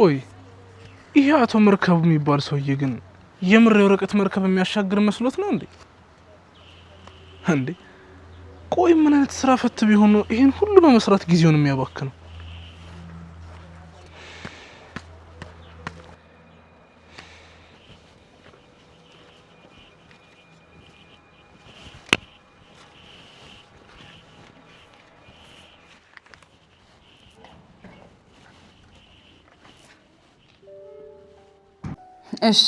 ቆይ ይሄ አቶ መርከቡ የሚባል ሰውዬ ግን የምር የወረቀት መርከብ የሚያሻግር መስሎት ነው እንዴ? እንዴ ቆይ ምን አይነት ስራ ፈት ቢሆን ነው ይሄን ሁሉ በመስራት ጊዜውን የሚያባክ ነው እሺ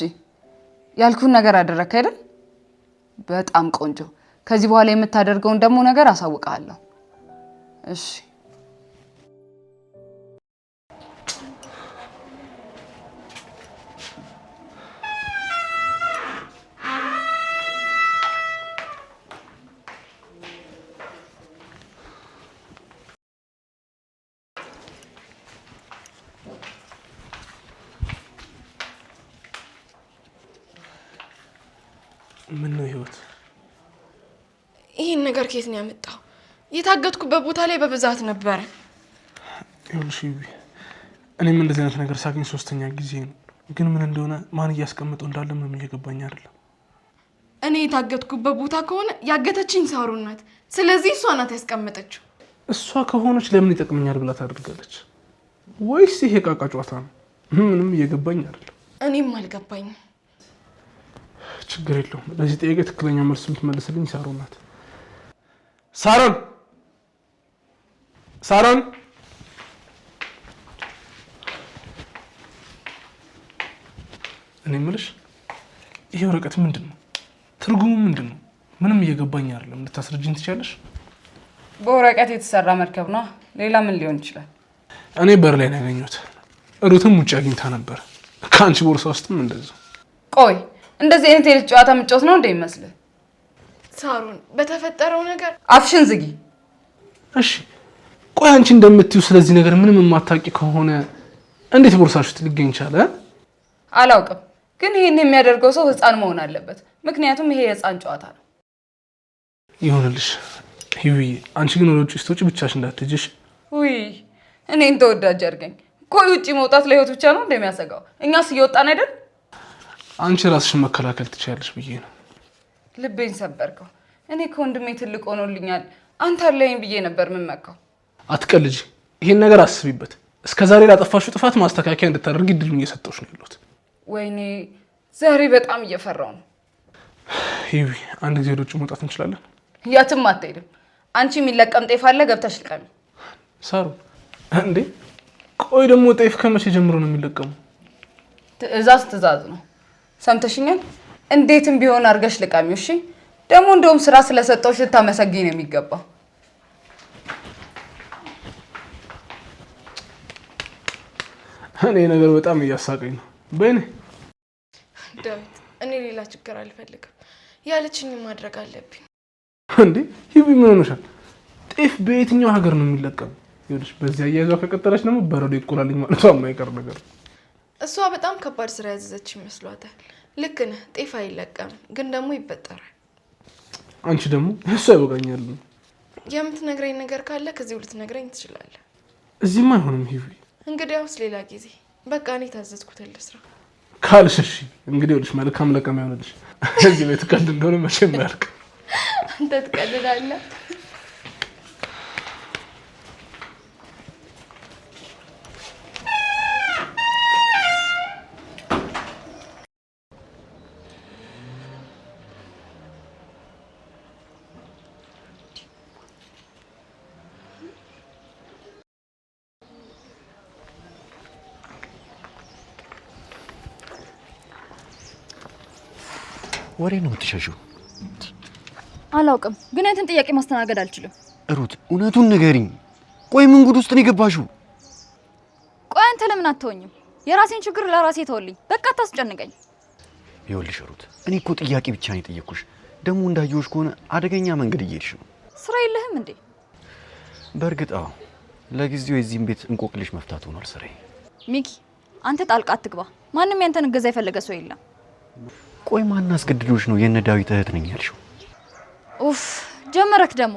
ያልኩን ነገር አደረግክ አይደል? በጣም ቆንጆ። ከዚህ በኋላ የምታደርገውን ደግሞ ነገር አሳውቃለሁ። እሺ ምን ነው ህይወት፣ ይህን ነገር ከየት ነው ያመጣው? የታገትኩበት ቦታ ላይ በብዛት ነበረ። ይኸውልሽ እኔም እንደዚህ አይነት ነገር ሳገኝ ሶስተኛ ጊዜ ነው። ግን ምን እንደሆነ ማን እያስቀምጠው እንዳለ ምንም እየገባኝ አይደለም። እኔ የታገትኩበት ቦታ ከሆነ ያገተችኝ ሳሩን ናት። ስለዚህ እሷ ናት ያስቀመጠችው። እሷ ከሆነች ለምን ይጠቅመኛል ብላ ታደርጋለች? ወይስ ይሄ ቃቃ ጨዋታ ነው? ምንም እየገባኝ አይደለም። እኔም አልገባኝም። ችግር የለውም። ለዚህ ጥያቄ ትክክለኛ መልስ የምትመልስልኝ ሳሮን ናት። ሳሮን ሳሮን እኔ ምልሽ ይሄ ወረቀት ምንድን ነው? ትርጉሙ ምንድን ነው? ምንም እየገባኝ አይደለም። እንድታስረጅኝ ትቻለሽ? በወረቀት የተሰራ መርከብ ነው። ሌላ ምን ሊሆን ይችላል? እኔ በር ላይ ነው ያገኘሁት። ሩትም ውጭ አግኝታ ነበር። ከአንቺ ቦርሳ ውስጥም እንደዚሁ። ቆይ እንደዚህ አይነት የልጅ ጨዋታ መጫወት ነው ይመስል? ሳሩን፣ በተፈጠረው ነገር አፍሽን ዝጊ። እሺ ቆይ፣ አንቺ እንደምትዩ ስለዚህ ነገር ምንም የማታውቂ ከሆነ እንዴት ቦርሳሽት ሊገኝ ቻለ? አላውቅም፣ ግን ይህን የሚያደርገው ሰው ህፃን መሆን አለበት። ምክንያቱም ይሄ የህፃን ጨዋታ ነው። ይሆንልሽ ሂዊ፣ አንቺ ግን ወደ ውጭ ስትወጪ ብቻሽ እንዳትጅሽ። ውይ እኔን ተወዳጅ አድርገኝ። ቆይ ውጭ መውጣት ለህይወት ብቻ ነው እንደሚያሰጋው? እኛስ እየወጣን አይደል? አንቺ ራስሽን መከላከል ትችያለሽ ብዬ ነው። ልቤን ሰበርከው። እኔ ከወንድሜ ትልቅ ሆኖልኛል። አንተ አለኝ ብዬ ነበር የምመካው። አትቀልጂ። ይሄን ነገር አስቢበት። እስከ ዛሬ ላጠፋሽው ጥፋት ማስተካከያ እንድታደርግ እድሉን እየሰጠሁሽ ነው ያሉት። ወይኔ ዛሬ በጣም እየፈራው ነው። ይዊ አንድ ጊዜ ወደ ውጭ መውጣት እንችላለን? ያትም አትሄድም። አንቺ የሚለቀም ጤፍ አለ ገብተሽ ልቀሚ። ሳሩ እንዴ፣ ቆይ ደግሞ ጤፍ ከመቼ ጀምሮ ነው የሚለቀሙ? ትዕዛዝ ትዕዛዝ ነው። ሰምተሽኛል? እንዴትም ቢሆን አድርገሽ ልቃሚው። እሺ ደግሞ እንደውም ስራ ስለሰጠሁሽ ልታመሰግኝ ነው የሚገባው። እኔ ነገር በጣም እያሳቀኝ ነው። በእኔ ዳዊት፣ እኔ ሌላ ችግር አልፈልግም። ያለችኝ ማድረግ አለብኝ። እንዴ ይህ ምን ሆነሻል? ጤፍ በየትኛው ሀገር ነው የሚለቀም? ይኸውልሽ፣ በዚህ አያይዟ ከቀጠለች ደግሞ በረዶ ይቆላልኝ ማለቷ የማይቀር ነገር እሷ በጣም ከባድ ስራ ያዘዘች ይመስሏታል። ልክ ነህ። ጤፍ አይለቀም ግን ደግሞ ይበጠራል። አንቺ ደግሞ እሱ አይወጋኛል። የምትነግረኝ ነገር ካለ ከዚህ ሁለት ልትነግረኝ ትችላለህ። እዚህም አይሆንም። ሂዊ እንግዲያውስ ሌላ ጊዜ በቃ እኔ ታዘዝኩት ልስራ ካልሽ፣ እሺ እንግዲህ ይኸውልሽ፣ መልካም ለቀም ይሆንልሽ። እዚህ ቤት ቀልድ እንደሆነ መቼም ያልቅ። አንተ ትቀልዳለህ። ወሬ ነው የምትሸሽው? አላውቅም፣ ግን አንተን ጥያቄ ማስተናገድ አልችልም። ሩት እውነቱን ንገሪኝ። ቆይ ምን ጉድ ውስጥ ነው የገባሽው? ቆይ አንተ ለምን አትሆኝም? የራሴን ችግር ለራሴ ተወልኝ፣ በቃ አታስጨንቀኝ። ይኸውልሽ ሩት፣ እኔ እኮ ጥያቄ ብቻ ነው የጠየቅኩሽ። ደግሞ እንዳየሁሽ ከሆነ አደገኛ መንገድ እየሄድሽ ነው። ስራ የለህም እንዴ? በእርግጥ አዎ፣ ለጊዜው የዚህም ቤት እንቆቅልሽ መፍታት ሆኗል ስራዬ። ሚኪ አንተ ጣልቃ አትግባ። ማንም ያንተን እገዛ የፈለገ ሰው የለም። ቆይ ማን አስገድዶሽ ነው የነ ዳዊት እህት ነኝ ያልሽው? ኡፍ ጀመረክ ደግሞ።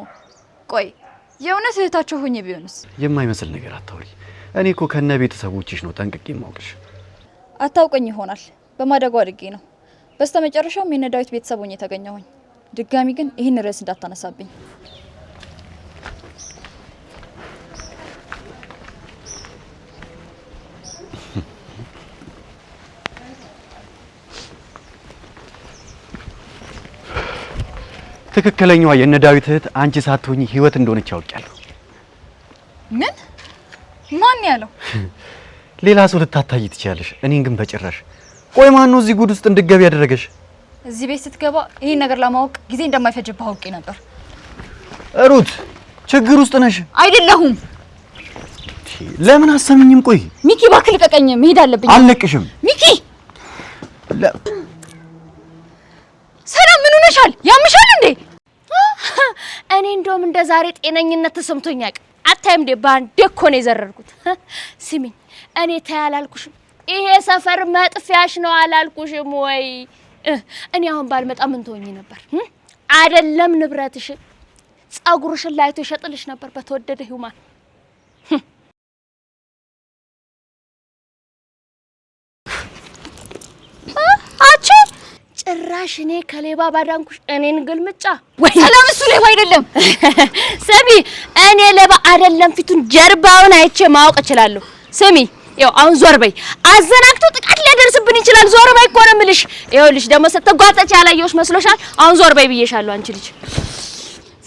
ቆይ የእውነት እህታቸው ሆኜ ቢሆንስ? የማይመስል ነገር አታውሪ። እኔ እኮ ከነ ቤተሰቦችሽ ነው ጠንቅቄ የማውቅሽ። አታውቀኝ ይሆናል በማደጎ አድጌ ነው። በስተመጨረሻውም የነ ዳዊት ቤተሰብ ሆኜ የተገኘሁኝ። ድጋሚ ግን ይህን ርዕስ እንዳታነሳብኝ። ትክክለኛዋ የእነ ዳዊት እህት አንቺ ሳትሆኚ ህይወት እንደሆነች ያውቃለሁ። ምን? ማን ያለው? ሌላ ሰው ልታታይ ትችላለሽ፣ እኔን ግን በጭራሽ። ቆይ ማን ነው እዚህ ጉድ ውስጥ እንድገቢ ያደረገሽ? እዚህ ቤት ስትገባ ይሄን ነገር ለማወቅ ጊዜ እንደማይፈጅብህ አውቄ ነበር። ሩት፣ ችግር ውስጥ ነሽ። አይደለሁም። ለምን አሰምኝም? ቆይ ሚኪ፣ እባክህ ልቀቀኝ፣ መሄድ አለብኝ። አልለቅሽም ሚኪ ይሻል ያምሻል እንዴ? እኔ እንደውም እንደ ዛሬ ጤነኝነት ተሰምቶኝ ያውቅ አታይም እንዴ? በአንዴ እኮ ነው የዘረርኩት። ስሚኝ እኔ ተይ አላልኩሽም፣ ይሄ ሰፈር መጥፊያሽ ነው አላልኩሽም ወይ? እኔ አሁን ባልመጣ ምን ትሆኚ ነበር? አይደለም ንብረትሽ፣ ጸጉርሽን ላይቶ ይሸጥልሽ ነበር በተወደደ ሂውማን ጭራሽ እኔ ከሌባ ባዳንኩሽ እኔን ግልምጫ ወይ ሰላም። እሱ ሌባ አይደለም። ስሚ እኔ ሌባ አይደለም፣ ፊቱን ጀርባውን አይቼ ማወቅ እችላለሁ። ስሚ ያው አሁን ዞር በይ፣ አዘናግቶ ጥቃት ሊያደርስብን ይችላል። ዞር በይ እኮ ነው የምልሽ። ይኸውልሽ ደግሞ ስትጓጠች ያላየሁሽ መስሎሻል። አሁን ዞር በይ ብዬሻለሁ። አንቺ ልጅ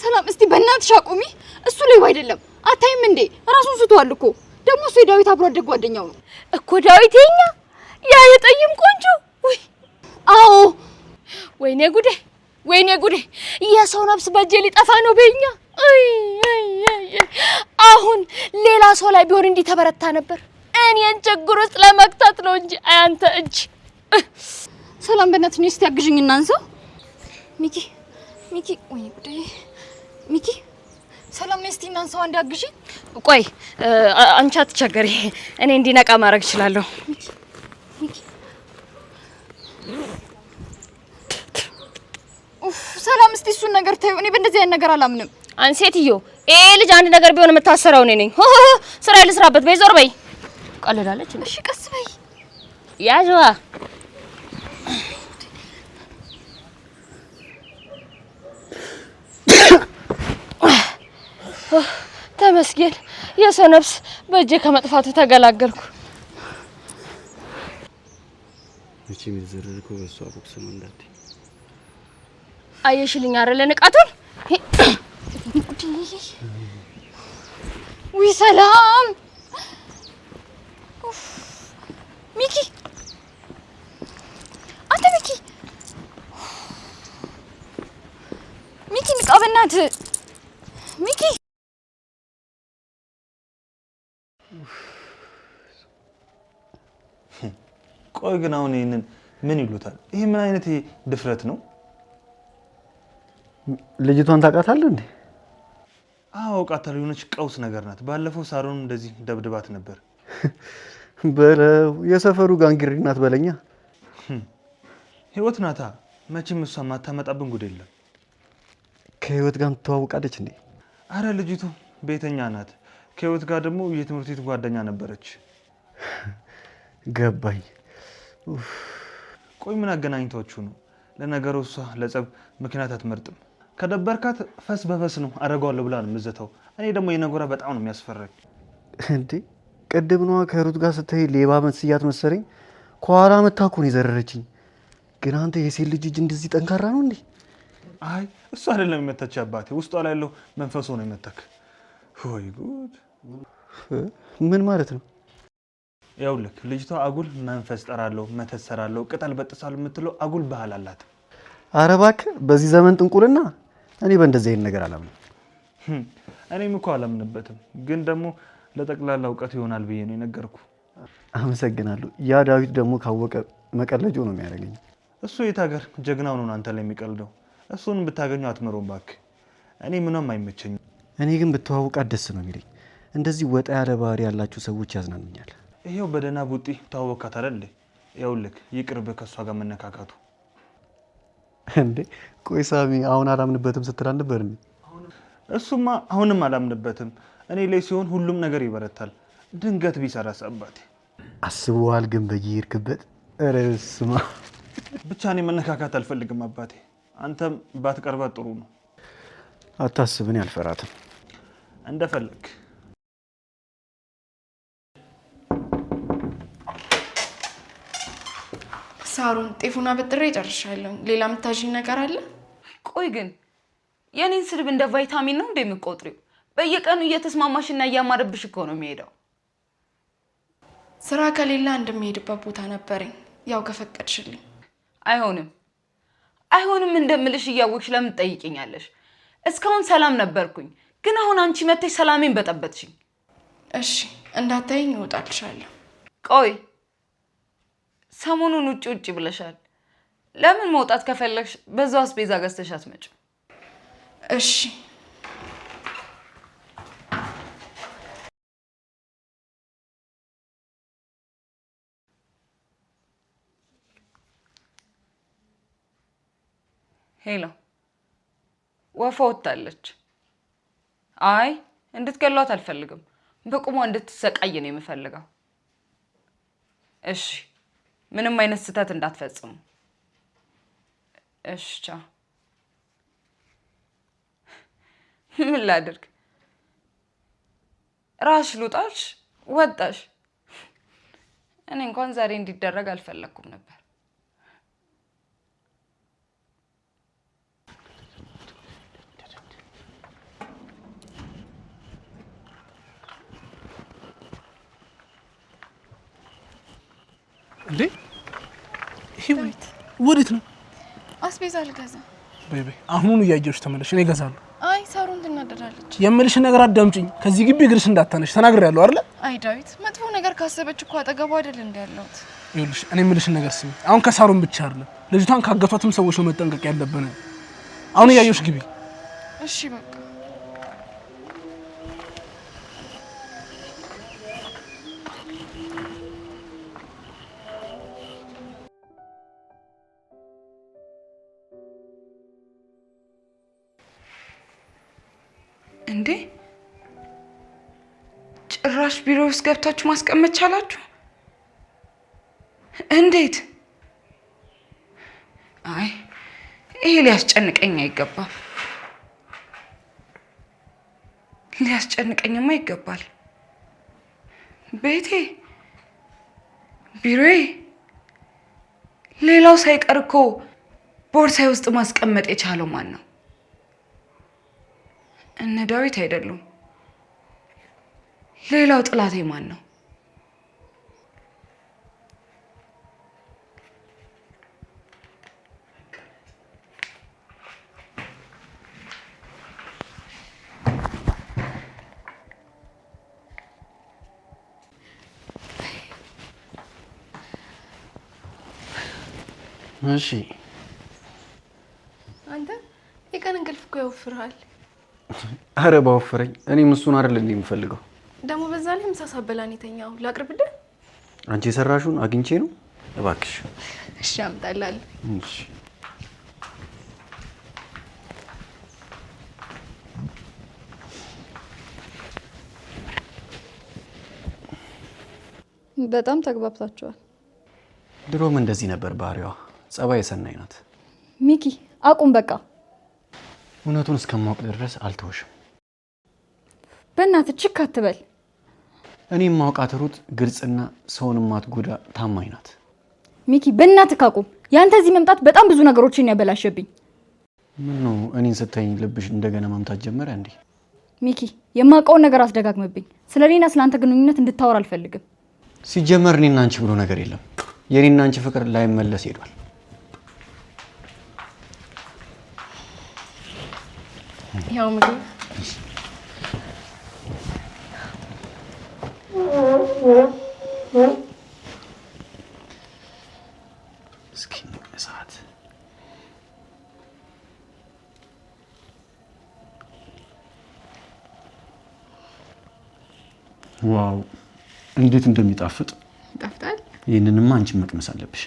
ሰላም፣ እስቲ በእናትሽ አቁሚ። እሱ ሌባ አይደለም። አታይም እንዴ? ራሱን ስቷል እኮ። ደግሞ እሱ የዳዊት አብሮ አደግ ጓደኛው ነው እኮ ዳዊት። የኛ ያ የጠይም ቆንጆ ወይ? አዎ ወይኔ ጉዴ! ወይኔ ጉዴ! የሰው ነፍስ በእጄ ሊጠፋ ነው በኛ። አሁን ሌላ ሰው ላይ ቢሆን እንዲህ ተበረታ ነበር። እኔን ችግር ውስጥ ለመክታት ነው እንጂ አንተ እጅ ሰላም በእናት እስቲ አግዥኝ እናንሳው። ሚኪ ሚኪ፣ ወይኔ ጉዴ! ሚኪ ሰላም እስቲ እናንሳው፣ አንድ አግዥኝ። ቆይ አንቺ አትቸገሪ፣ እኔ እንዲነቃ ማድረግ እችላለሁ። ሚኪ ሚኪ እስቲ እሱን ነገር ታዩ። እኔ በእንደዚህ አይነት ነገር አላምንም። አንድ ሴትዮ ይሄ ልጅ አንድ ነገር ቢሆን የምታሰረው እኔ ነኝ። ስራ ልስራበት። በይ ዞር በይ። ቀልዳለች። እሺ ቀስ በይ። ያዥዋ ተመስገን የሰው ነፍስ በእጄ ከመጥፋቱ ተገላገልኩ። መቼም የዘረርከው በእሷ ቦክስ ነው እንዳትይ አየሽልኝ አረለ ንቃቱን። ውይ ሰላም ሚኪ፣ አንተ ሚኪ ሚኪ፣ ንቃ በእናትህ ሚኪ። ቆይ ግን አሁን ይህንን ምን ይሉታል? ይህ ምን አይነት ድፍረት ነው? ልጅቷን ታውቃታለህ እንዴ? አዎ አውቃታለሁ። የሆነች ቀውስ ነገር ናት። ባለፈው ሳሮን እንደዚህ ደብድባት ነበር። በለው የሰፈሩ ጋንግሪት ናት በለኛ። hm። ህይወት ናታ። መቼም እሷ ማታመጣብን ጉድ የለም። ከህይወት ጋር ትተዋውቃለች እንዴ? አረ ልጅቱ ቤተኛ ናት። ከህይወት ጋር ደግሞ የትምህርት ቤት ጓደኛ ነበረች። ገባኝ። ቆይ ምን አገናኝቷችሁ ነው? ለነገሩ እሷ ለጸብ ምክንያት አትመርጥም። ከደበርካት ፈስ በፈስ ነው አደርገዋለሁ ብላ ነው የምዘተው። እኔ ደግሞ የነጎራ በጣም ነው የሚያስፈራኝ። እንዴ ቅድም ነዋ ከሩት ጋር ስትሄድ ሌባ መስያት መሰለኝ ከኋላ መታ እኮ ነው የዘረረችኝ። ግን አንተ የሴት ልጅ እጅ እንደዚህ ጠንካራ ነው እንዴ? አይ እሱ አይደለም የመተች አባቴ፣ ውስጧ ላይ ያለው መንፈሶ ነው የመተክ። ወይ ጉድ! ምን ማለት ነው? ያውልክ ልጅቷ አጉል መንፈስ ጠራለሁ፣ መተት ሰራለሁ፣ ቅጠል በጥሳለሁ የምትለው አጉል ባህል አላት። አረ እባክህ በዚህ ዘመን ጥንቁልና እኔ በእንደዚህ አይነት ነገር አላምንም። እኔም እኮ አላምንበትም፣ ግን ደግሞ ለጠቅላላ እውቀት ይሆናል ብዬ ነው የነገርኩ። አመሰግናለሁ። ያ ዳዊት ደግሞ ካወቀ መቀለጆ ነው የሚያደርገኝ። እሱ የት ሀገር ጀግናው ነው አንተ ላይ የሚቀልደው? እሱን ብታገኙ አትምሮም እባክህ። እኔ ምንም አይመቸኝም። እኔ ግን ብተዋውቃት ደስ ነው የሚለኝ። እንደዚህ ወጣ ያለ ባህሪ ያላችሁ ሰዎች ያዝናኑኛል። ይኸው በደህና ቡጢ ተዋወቅካት አይደል? ይኸውልህ ይቅርብህ ከእሷ ጋር መነካካቱ እንዴ ቆይ ሳሚ፣ አሁን አላምንበትም ስትል አልነበር? እሱማ አሁንም አላምንበትም። እኔ ላይ ሲሆን ሁሉም ነገር ይበረታል። ድንገት ቢሰራ አባቴ አስበዋል። ግን በየሄድክበት ረስማ ብቻ እኔ መነካካት አልፈልግም አባቴ። አንተም ባትቀርባት ጥሩ ነው። አታስብን፣ አልፈራትም። እንደፈለግ ሳሩን ጤፉን አበጥሬ እጨርሻለሁ። ሌላ የምታዥኝ ነገር አለ? ቆይ ግን የኔን ስድብ እንደ ቫይታሚን ነው እንደ በየቀኑ እየተስማማሽና እያማረብሽ እኮ ነው የሚሄደው። ስራ ከሌላ እንደሚሄድበት ቦታ ነበረኝ፣ ያው ከፈቀድሽልኝ። አይሆንም አይሆንም እንደምልሽ እያወቅሽ ለምን ትጠይቂኛለሽ? እስካሁን ሰላም ነበርኩኝ፣ ግን አሁን አንቺ መተሽ ሰላሜን በጠበጥሽኝ። እሺ እንዳታይኝ እወጣልሻለሁ። ቆይ ሰሞኑን ውጭ ውጭ ብለሻል። ለምን መውጣት ከፈለግሽ በዛው አስቤዛ ገዝተሽ አትመጭም? እሺ ሄሎ፣ ወፎ ወታለች። አይ እንድትገሏት አልፈልግም። በቁሟ እንድትሰቃይ ነው የምፈልገው። እሺ ምንም አይነት ስህተት እንዳትፈጽሙ። እሺ ምን ላድርግ? ራሽ ልውጣሽ ወጣሽ። እኔ እንኳን ዛሬ እንዲደረግ አልፈለግኩም ነበር። እንዴ ህይወት፣ ወዴት ነው? አስቤዛ ልገዛ። በይ በይ፣ አሁኑን እያየሁሽ ተመለሽ፣ እኔ እገዛለሁ። አይ ሳሩን ትናደዳለች። የምልሽን ነገር አዳምጪኝ። ከዚህ ግቢ እግርሽ እንዳታነሽ ተናግሬያለሁ አይደለ? አይ ዳዊት፣ መጥፎ ነገር ካሰበች እኮ አጠገቡ አይደል እንዳለሁት። ይኸውልሽ፣ እኔ የምልሽን ነገር ስሚ። አሁን ከሳሩን ብቻ አይደለም ልጅቷን ካገቷትም ሰዎች ነው መጠንቀቅ ያለብን። አሁን እያየሁሽ ግቢ። እሺ በቃ ጭራሽ ቢሮ ውስጥ ገብታችሁ ማስቀመጥ ቻላችሁ? እንዴት? አይ ይሄ ሊያስጨንቀኝ አይገባም። ሊያስጨንቀኝማ ይገባል። ቤቴ፣ ቢሮዬ፣ ሌላው ሳይቀር እኮ ቦርሳይ ውስጥ ማስቀመጥ የቻለው ማን ነው? እነ ዳዊት አይደሉም? ሌላው ጥላቴ ማን ነው? እሺ አንተ የቀን እንቅልፍ እኮ ያወፍርሃል። አረ ባወፍረኝ። እኔም እሱን አይደል እንዴ የምፈልገው በዛ ላይ ምሳ ሳበላን የተኛው ላቅርብልህ? አንቺ የሰራሽውን አግኝቼ ነው። እባክሽ። እሺ አምጣላል። እሺ በጣም ተግባብታችኋል። ድሮም እንደዚህ ነበር ባህሪዋ። ጸባይ የሰናይ ናት። ሚኪ አቁም፣ በቃ እውነቱን እስከማወቅ ድረስ አልተወሽም። በእናትህ ችክ አትበል። እኔ ማውቃት ሩት ግልጽና ሰውን ማትጎዳ ታማኝ ናት። ሚኪ በእናት ካቁም። ያንተ እዚህ መምጣት በጣም ብዙ ነገሮችን ያበላሸብኝ። ምን ነው እኔን ስታይኝ ልብሽ እንደገና መምታት ጀመረ እንዴ? ሚኪ የማውቀውን ነገር አስደጋግምብኝ። ስለ እኔና ስለ አንተ ግንኙነት እንድታወር አልፈልግም። ሲጀመር እኔና አንቺ ብሎ ነገር የለም። የእኔና አንቺ ፍቅር ላይመለስ ሄዷል። ያው ምግብ እስኪ ዋው! እንዴት እንደሚጣፍጥ ይጣፍጣል። ይህንንማ አንቺን መቅመስ አለብሽ።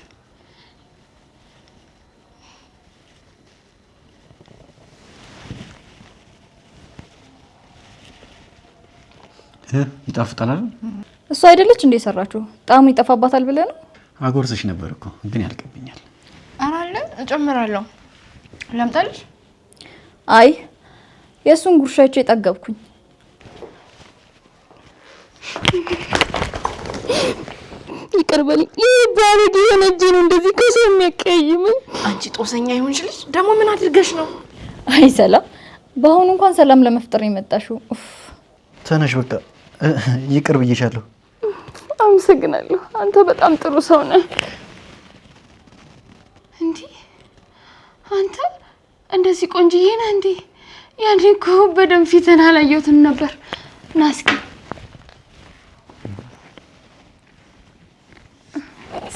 ይጣፍጣል። እሱ አይደለች እንዴ የሰራችሁ ጣዕሙ ይጠፋባታል ብለህ ነው? አጎርሰሽ ነበር እኮ ግን ያልቅብኛል። ኧረ አለ እጨምራለሁ። አይ የእሱን ጉርሻ አይቼ የጠገብኩኝ። ይቅር ይህ ባለጌ የሆነ እጅ ነው እንደዚህ ከሰው የሚያቀያይመኝ። አንቺ ጦሰኛ ይሆንሽ ልጅ ደግሞ ምን አድርገሽ ነው? አይ ሰላም፣ በአሁኑ እንኳን ሰላም ለመፍጠር ነው የመጣሽው? ተነሽ በቃ ይቅር ብዬሻለሁ። አመሰግናለሁ። አንተ በጣም ጥሩ ሰው ነህ። እንዲህ አንተ እንደዚህ ቆንጅዬ ነህ እንዴ? ያኔ እኮ በደንብ ፊትህን አላየሁትም ነበር። ና እስኪ።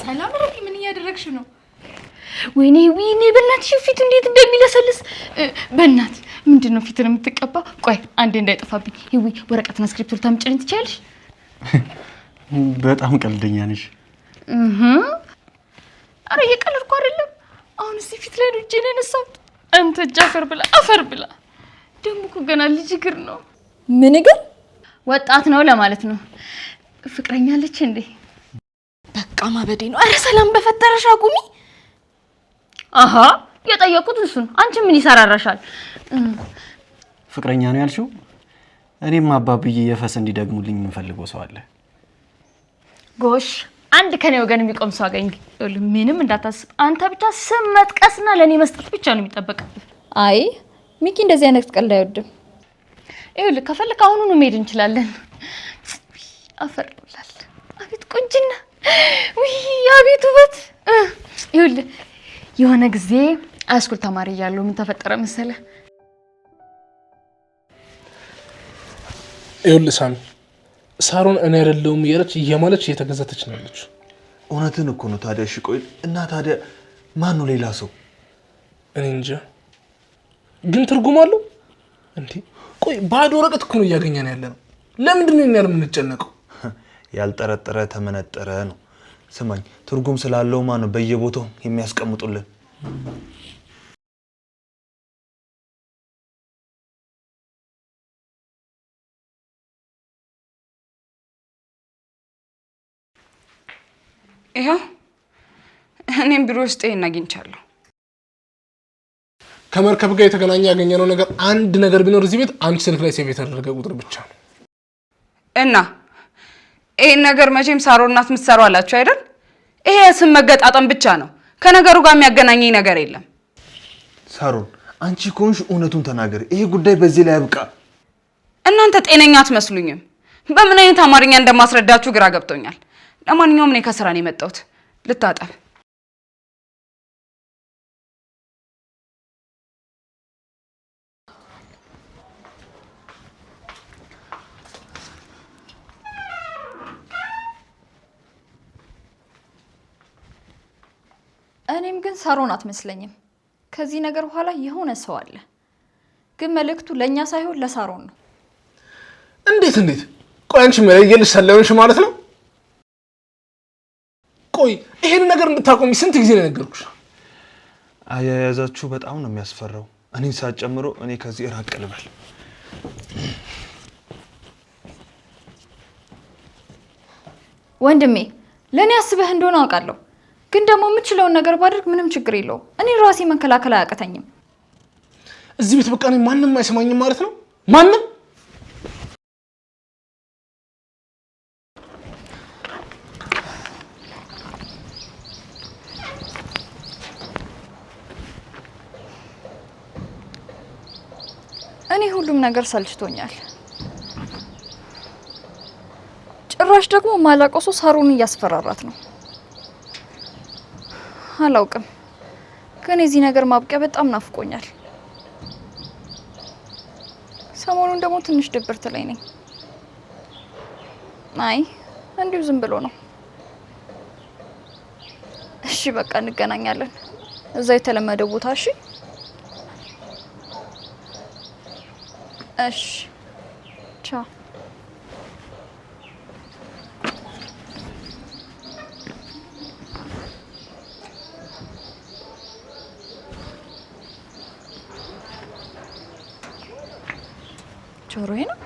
ሰላም ረፊ፣ ምን እያደረግሽ ነው? ወይኔ ወይኔ፣ በእናትሽ ፊት እንዴት እንደሚለሰልስ በእናት ምንድን ነው ፊትን የምትቀባ? ቆይ አንዴ እንዳይጠፋብኝ። ይዊ ወረቀትና ስክሪፕቱን ታምጪልኝ ትችያለሽ? በጣም ቀልደኛ ነሽ። አረ እየቀለድኩ አይደለም። አሁን እዚህ ፊት ላይ ነው እጄን የነሳሁት። አንተ እጅ አፈር ብላ አፈር ብላ። ደግሞ እኮ ገና ልጅ እግር ነው። ምን እግር? ወጣት ነው ለማለት ነው። ፍቅረኛ አለች እንዴ? በቃ ማበዴ ነው። አረ ሰላም በፈጠረሽ አጉሚ አሃ የጠየኩት እሱን። አንቺ ምን ይሰራራሻል? ፍቅረኛ ነው ያልሽው? እኔም አባብዬ የፈስ እንዲደግሙልኝ የምንፈልገው ሰው አለ። ጎሽ አንድ ከኔ ወገን የሚቆም ሰው አገኝ። ምንም እንዳታስብ አንተ ብቻ ስም መጥቀስና ለእኔ መስጠት ብቻ ነው የሚጠበቅብህ። አይ ሚኪ እንደዚህ አይነት ቀልድ አይወድም። ይኸውልህ ከፈልክ አሁኑኑ መሄድ እንችላለን። አፈርላል። አቤት ቁንጅና! ውይ አቤት ውበት! ይኸውልህ የሆነ ጊዜ አስኩል ተማሪ እያለሁ ምን ተፈጠረ መሰለህ? ይኸውልህ ሳሚ፣ ሳሮን እኔ አይደለሁም እያለች እየማለች እየተገዛተች ነው ያለችው። እውነትን እኮ ነው። ታዲያ እሺ፣ ቆይ እና ታዲያ ማን ነው ሌላ ሰው? እኔ እንጃ፣ ግን ትርጉም አለው እንዴ? ቆይ ባዶ ወረቀት እኮ ነው እያገኘን ያለ ነው። ለምንድን ነው ያለ የምንጨነቀው? ያልጠረጠረ ተመነጠረ ነው። ስማኝ፣ ትርጉም ስላለው ማን ነው በየቦታው የሚያስቀምጡልን? ይኸው እኔም ቢሮ ውስጥ ይሄን አግኝቻለሁ። ከመርከብ ጋር የተገናኘ ያገኘነው ነገር አንድ ነገር ቢኖር እዚህ ቤት አንቺ ስልክ ላይ ሴቭ የተደረገ ቁጥር ብቻ ነው። እና ይሄን ነገር መቼም ሳሮን እናት የምትሰሩ አላችሁ አይደል? ይሄ ስም መገጣጠም ብቻ ነው። ከነገሩ ጋር የሚያገናኘኝ ነገር የለም። ሳሮን አንቺ ከሆንሽ እውነቱን ተናገሪ። ይሄ ጉዳይ በዚህ ላይ ያብቃ። እናንተ ጤነኛ አትመስሉኝም። በምን አይነት አማርኛ እንደማስረዳችሁ ግራ ገብቶኛል። ለማንኛውም እኔ ከስራ ነው የመጣሁት። ልታጠብ እኔም ግን ሳሮን አትመስለኝም። ከዚህ ነገር በኋላ የሆነ ሰው አለ፣ ግን መልእክቱ ለእኛ ሳይሆን ለሳሮን ነው። እንዴት እንዴት? ቆይ አንቺ መለየልሽ ሰለሆንሽ ማለት ነው ቆይ ይሄን ነገር እንድታቆሚ ስንት ጊዜ ነው የነገርኩሽ? አያያዛችሁ በጣም ነው የሚያስፈራው። እኔን ሳትጨምሮ እኔ ከዚህ ራቅ ልበል። ወንድሜ ለእኔ አስበህ እንደሆነ አውቃለሁ፣ ግን ደግሞ የምችለውን ነገር ባድርግ ምንም ችግር የለውም። እኔ ራሴ መከላከል አያቅተኝም። እዚህ ቤት በቃ እኔ ማንም አይሰማኝም ማለት ነው ማንም እኔ ሁሉም ነገር ሰልችቶኛል። ጭራሽ ደግሞ ማላቆሱ ሳሩን እያስፈራራት ነው። አላውቅም ግን የዚህ ነገር ማብቂያ በጣም ናፍቆኛል። ሰሞኑን ደግሞ ትንሽ ድብርት ላይ ነኝ። አይ እንዲሁ ዝም ብሎ ነው። እሺ በቃ እንገናኛለን እዛ የተለመደ ቦታ እሺ። też. Czo. Czorujno?